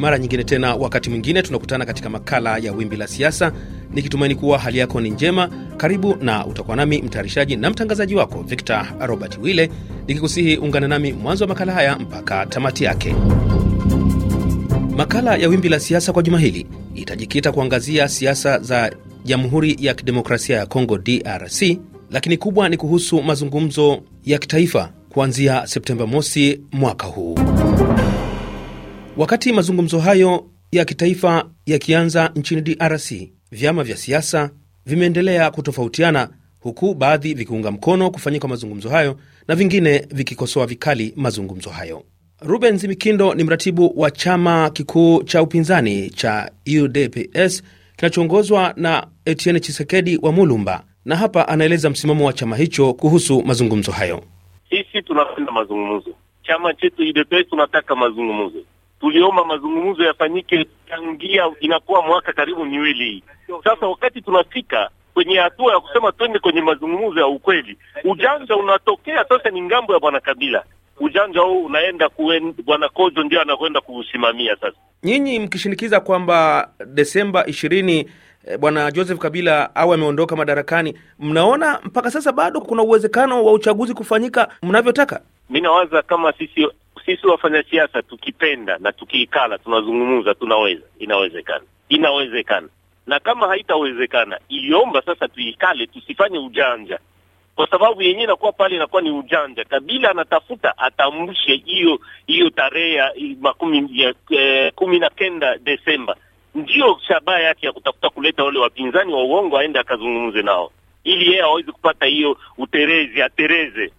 mara nyingine tena, wakati mwingine tunakutana katika makala ya Wimbi la Siasa, nikitumaini kuwa hali yako ni njema. Karibu na utakuwa nami mtayarishaji na mtangazaji wako Victor Robert Wille, nikikusihi ungana nami mwanzo wa makala haya mpaka tamati yake. Makala ya Wimbi la Siasa kwa juma hili itajikita kuangazia siasa za Jamhuri ya Kidemokrasia ya Kongo, DRC, lakini kubwa ni kuhusu mazungumzo ya kitaifa kuanzia Septemba mosi mwaka huu. Wakati mazungumzo hayo ya kitaifa yakianza nchini DRC, vyama vya siasa vimeendelea kutofautiana, huku baadhi vikiunga mkono kufanyika mazungumzo hayo na vingine vikikosoa vikali mazungumzo hayo. Ruben Zimikindo ni mratibu wa chama kikuu cha upinzani cha UDPS kinachoongozwa na Etienne Chisekedi wa Mulumba, na hapa anaeleza msimamo wa chama hicho kuhusu mazungumzo hayo. Sisi tunapenda mazungumzo, chama chetu UDPS tunataka mazungumzo tuliomba mazungumzo yafanyike tangia inakuwa mwaka karibu miwili. Sasa wakati tunafika kwenye hatua ya kusema twende kwenye mazungumzo ya ukweli, ujanja unatokea sasa, ni ngambo ya bwana Kabila. Ujanja huu unaenda kuen, bwana Kojo ndio anakwenda kuusimamia sasa. Nyinyi mkishinikiza kwamba Desemba ishirini eh, bwana Joseph Kabila awe ameondoka madarakani, mnaona mpaka sasa bado kuna uwezekano wa uchaguzi kufanyika mnavyotaka? Mi nawaza kama sisi sisi siasa tukipenda na tukiikala, tunazungumza, tunaweza, inawezekana, inawezekana. Na kama haitawezekana, iliomba sasa tuikale, tusifanye ujanja, kwa sababu yenyewe inakuwa pale, inakuwa ni ujanja. Kabila anatafuta atamshe hiyo hiyo tarehe ya makumi ya eh, kumi na kenda Desemba, ndiyo shabaha yake ya kutafuta kuleta wale wapinzani wa uongo, aende akazungumze nao ili yeye aweze kupata hiyo uterezi, atereze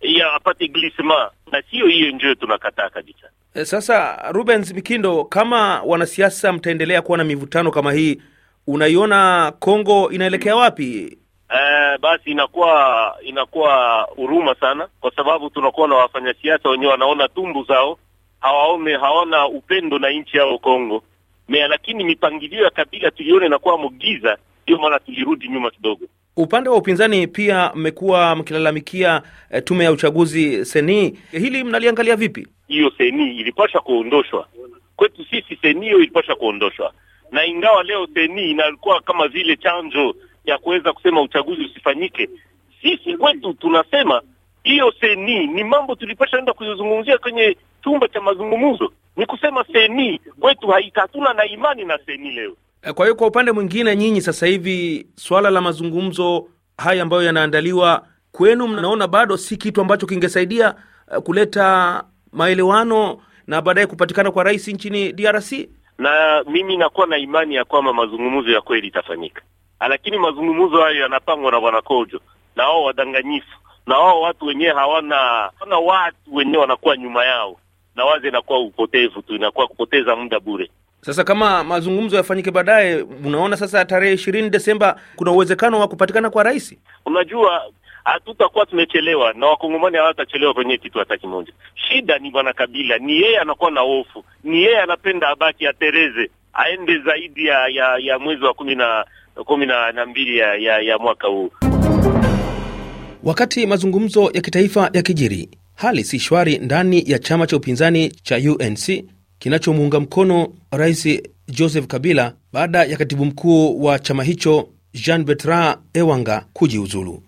ya apate glisma, na sio hiyo ndio tunakataa kabisa. E, sasa Rubens Mikindo, kama wanasiasa mtaendelea kuwa na mivutano kama hii, unaiona Kongo inaelekea wapi? E, basi inakuwa inakuwa huruma sana, kwa sababu tunakuwa na wafanyasiasa wenyewe wanaona tumbu zao, hawaone hawana upendo na nchi yao Kongo mea, lakini mipangilio ya kabila tuliona inakuwa mugiza, ndio maana tulirudi nyuma kidogo. Upande wa upinzani pia mmekuwa mkilalamikia e, tume ya uchaguzi seni, hili mnaliangalia vipi? Hiyo seni ilipasha kuondoshwa kwetu sisi, seni hiyo ilipasha kuondoshwa, na ingawa leo seni inakuwa kama vile chanjo ya kuweza kusema uchaguzi usifanyike, sisi kwetu tunasema hiyo seni ni mambo tulipasha enda kuzungumzia kwenye chumba cha mazungumzo ni kusema seni kwetu haitatuna na imani na seni leo. Eh, kwa hiyo kwa upande mwingine, nyinyi sasa hivi swala la mazungumzo haya ambayo yanaandaliwa kwenu, mnaona bado si kitu ambacho kingesaidia eh, kuleta maelewano na baadaye kupatikana kwa rais nchini DRC? Na mimi nakuwa na imani ya kwamba mazungumzo ya kweli itafanyika, ah, lakini mazungumzo hayo yanapangwa na bwana Kojo na wao wadanganyifu na wao watu wenyewe hawana, hawana watu wenyewe wanakuwa nyuma yao na wazi, inakuwa upotevu tu, inakuwa kupoteza muda bure. Sasa kama mazungumzo yafanyike baadaye, unaona sasa tarehe ishirini Desemba kuna uwezekano wa kupatikana kwa rais? Unajua hatutakuwa tumechelewa na wakongomani hawatachelewa kwenye kitu hata kimoja. Shida ni bwana Kabila, ni yeye anakuwa na hofu, ni yeye anapenda abaki atereze, aende zaidi ya ya, ya mwezi wa kumi na kumi na mbili ya, ya, ya mwaka huu. Wakati mazungumzo ya kitaifa ya kijiri, Hali si shwari ndani ya chama cha upinzani cha UNC kinachomuunga mkono Rais Joseph Kabila baada ya katibu mkuu wa chama hicho Jean Bertrand Ewanga kujiuzulu.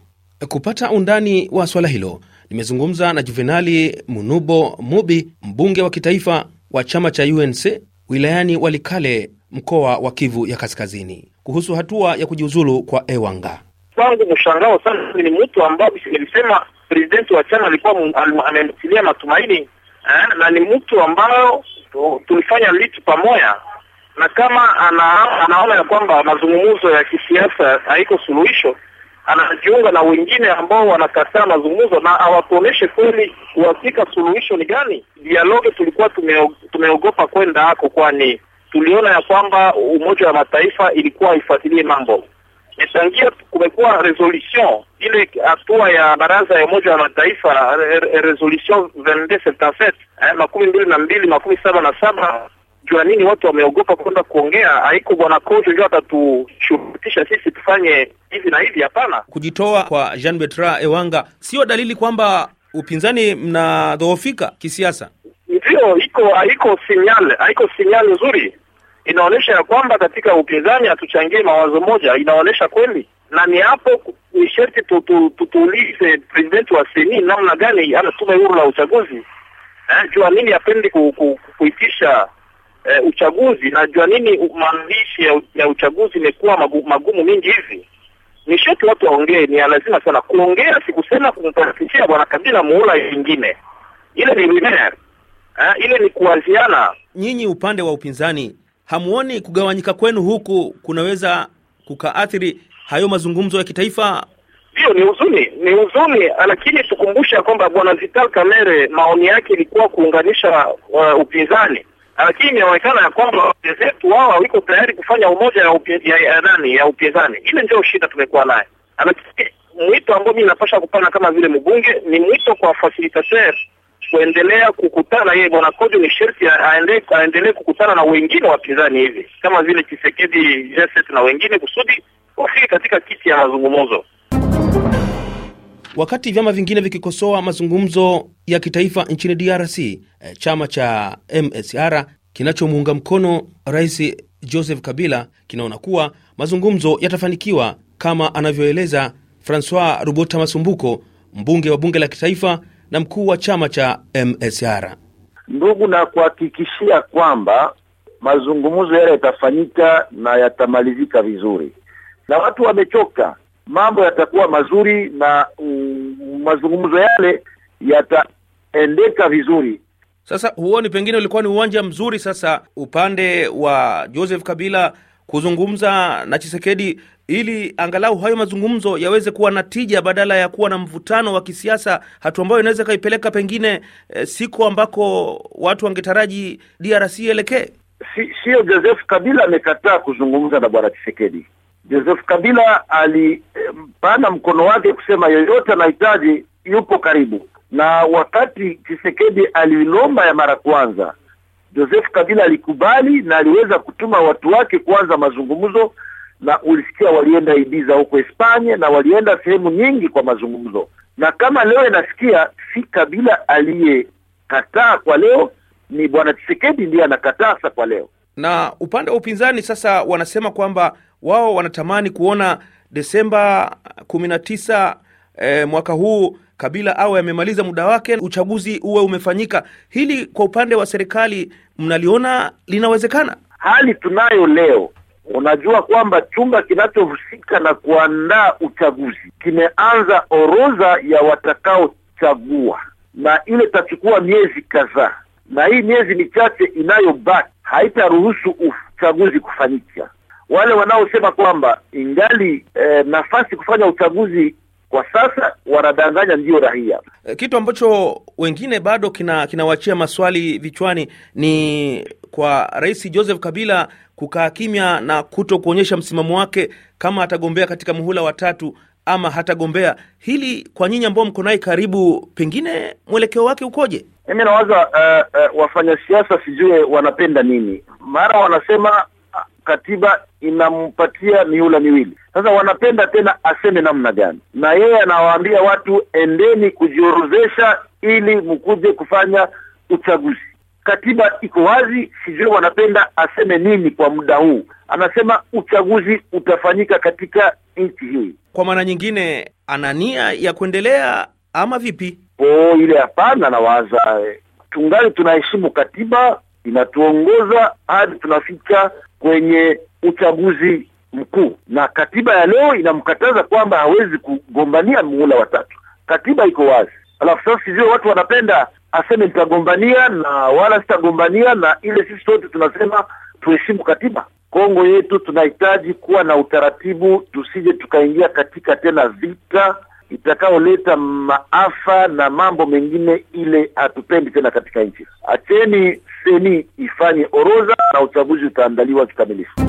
Kupata undani wa swala hilo, nimezungumza na Juvenali Munubo Mubi, mbunge wa kitaifa wa chama cha UNC wilayani Walikale, mkoa wa Kivu ya Kaskazini, kuhusu hatua ya kujiuzulu kwa Ewanga. Kwangu mshangao sana, ni mtu ambaye nilisema presidenti wa chama alikuwa amemtilia matumaini eh, na ni mtu ambayo tulifanya litu pamoja, na kama ana, anaona ya kwamba mazungumzo ya kisiasa haiko suluhisho, anajiunga na wengine ambao wanakataa mazungumzo na hawatuoneshe kweli kuhakika suluhisho ni gani. Dialoge tulikuwa tumeogopa kwenda hako, kwani tuliona ya kwamba Umoja wa Mataifa ilikuwa haifuatilie mambo Tangia kumekuwa resolution ile hatua ya baraza ya Umoja wa Mataifa, resolution 2277 eh, makumi mbili na mbili makumi saba na saba jua nini watu wameogopa kwenda kuongea. Haiko bwana Kojo ndio atatushurutisha sisi tufanye hivi na hivi. Hapana, kujitoa kwa Jean betra Ewanga sio dalili kwamba upinzani mnadhoofika kisiasa. Ndio iko haiko sinyal, haiko sinyal nzuri inaonyesha ya kwamba katika upinzani hatuchangie mawazo moja, inaonyesha kweli, na ni hapo ni sherti tutuulize presidenti wa seni namna gani ana tume huru la uchaguzi eh, jua nini apendi ku, ku, kuitisha eh, uchaguzi na jua nini maandishi ya, ya uchaguzi imekuwa magu, magumu mingi hivi. Ni sherti watu waongee, ni lazima sana kuongea, sikusema kumpandikizia bwana Kabila muhula yingine ile ni mimea eh, ile ni kuwaziana. Nyinyi upande wa upinzani hamuoni kugawanyika kwenu huku kunaweza kukaathiri hayo mazungumzo ya kitaifa? Hiyo ni huzuni, ni huzuni, lakini tukumbusha kwamba bwana Vital Kamerhe maoni yake ilikuwa kuunganisha uh, upinzani, lakini inaonekana ya kwamba wenzetu wao hawiko tayari kufanya umoja ya upi, ya, ya, nani ya upinzani. Ile ndio shida tumekuwa naye, lakini mwito ambao mimi napasha kupana kama vile mbunge ni mwito kwa facilitateur kuendelea kukutana yeye bwana Kojo ni sherti aendelee kukutana na wengine wapinzani hivi kama vile Chisekedi, Jeset na wengine kusudi wafike katika kiti ya mazungumzo. Wakati vyama vingine vikikosoa mazungumzo ya kitaifa nchini DRC, eh, chama cha MSR kinachomuunga mkono Rais Joseph Kabila kinaona kuwa mazungumzo yatafanikiwa kama anavyoeleza Francois Rubota Masumbuko, mbunge wa bunge la kitaifa na mkuu wa chama cha MSR. Ndugu, na kuhakikishia kwamba mazungumzo yale yatafanyika na yatamalizika vizuri, na watu wamechoka, mambo yatakuwa mazuri na um, mazungumzo yale yataendeka vizuri. Sasa huoni pengine ulikuwa ni uwanja mzuri sasa upande wa Joseph Kabila kuzungumza na Chisekedi ili angalau hayo mazungumzo yaweze kuwa na tija badala ya kuwa na mvutano wa kisiasa, hatua ambayo inaweza ikaipeleka pengine e, siku ambako watu wangetaraji DRC ielekee. Siyo, Joseph Kabila amekataa kuzungumza na bwana Chisekedi. Joseph Kabila alipana eh, mkono wake kusema yoyote anahitaji, yupo karibu. Na wakati Chisekedi aliilomba ya mara kwanza Joseph Kabila alikubali na aliweza kutuma watu wake kuanza mazungumzo, na ulisikia walienda Ibiza huko Hispania na walienda sehemu nyingi kwa mazungumzo. Na kama leo inasikia si Kabila aliyekataa kwa leo, ni bwana Tshisekedi ndiye anakatasa kwa leo. Na upande wa upinzani sasa wanasema kwamba wao wanatamani kuona Desemba kumi na tisa e, mwaka huu Kabila awe amemaliza muda wake, uchaguzi uwe umefanyika. Hili kwa upande wa serikali mnaliona linawezekana? Hali tunayo leo, unajua kwamba chumba kinachohusika na kuandaa uchaguzi kimeanza orodha ya watakaochagua, na ile itachukua miezi kadhaa, na hii miezi michache inayobaki haitaruhusu uchaguzi kufanyika. Wale wanaosema kwamba ingali eh, nafasi kufanya uchaguzi kwa sasa wanadanganya ndiyo raia. Eh, kitu ambacho wengine bado kinawachia kina maswali vichwani ni kwa Rais Joseph Kabila kukaa kimya na kuto kuonyesha msimamo wake kama atagombea katika muhula wa tatu ama hatagombea. Hili kwa nyinyi ambao mko naye karibu, pengine mwelekeo wake ukoje? Mimi nawaza uh, uh, wafanya siasa sijue wanapenda nini. Mara wanasema katiba inampatia mihula miwili. Sasa wanapenda tena aseme namna gani? Na yeye anawaambia watu, endeni kujiorozesha ili mkuje kufanya uchaguzi. Katiba iko wazi, sijui wanapenda aseme nini kwa muda huu. Anasema uchaguzi utafanyika katika nchi hii. Kwa maana nyingine, ana nia ya kuendelea ama vipi? O, ile hapana, nawaza eh, tungali tunaheshimu katiba, inatuongoza hadi tunafika kwenye uchaguzi mkuu, na katiba ya leo inamkataza kwamba hawezi kugombania muhula watatu. Katiba iko wazi. Alafu sasa sijue watu wanapenda aseme nitagombania na wala sitagombania, na ile sisi sote tunasema tuheshimu katiba. Kongo yetu tunahitaji kuwa na utaratibu, tusije tukaingia katika tena vita itakaoleta maafa na mambo mengine, ile hatupendi tena katika nchi. Acheni seni ifanye oroza na uchaguzi utaandaliwa kikamilifu.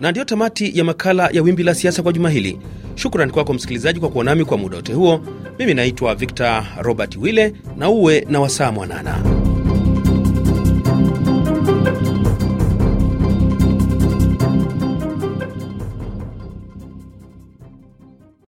Na ndiyo tamati ya makala ya Wimbi la Siasa kwa juma hili. Shukrani kwako msikilizaji kwa kuwa nami kwa muda wote huo. Mimi naitwa Victor Robert Wille, na uwe na wasaa mwanana.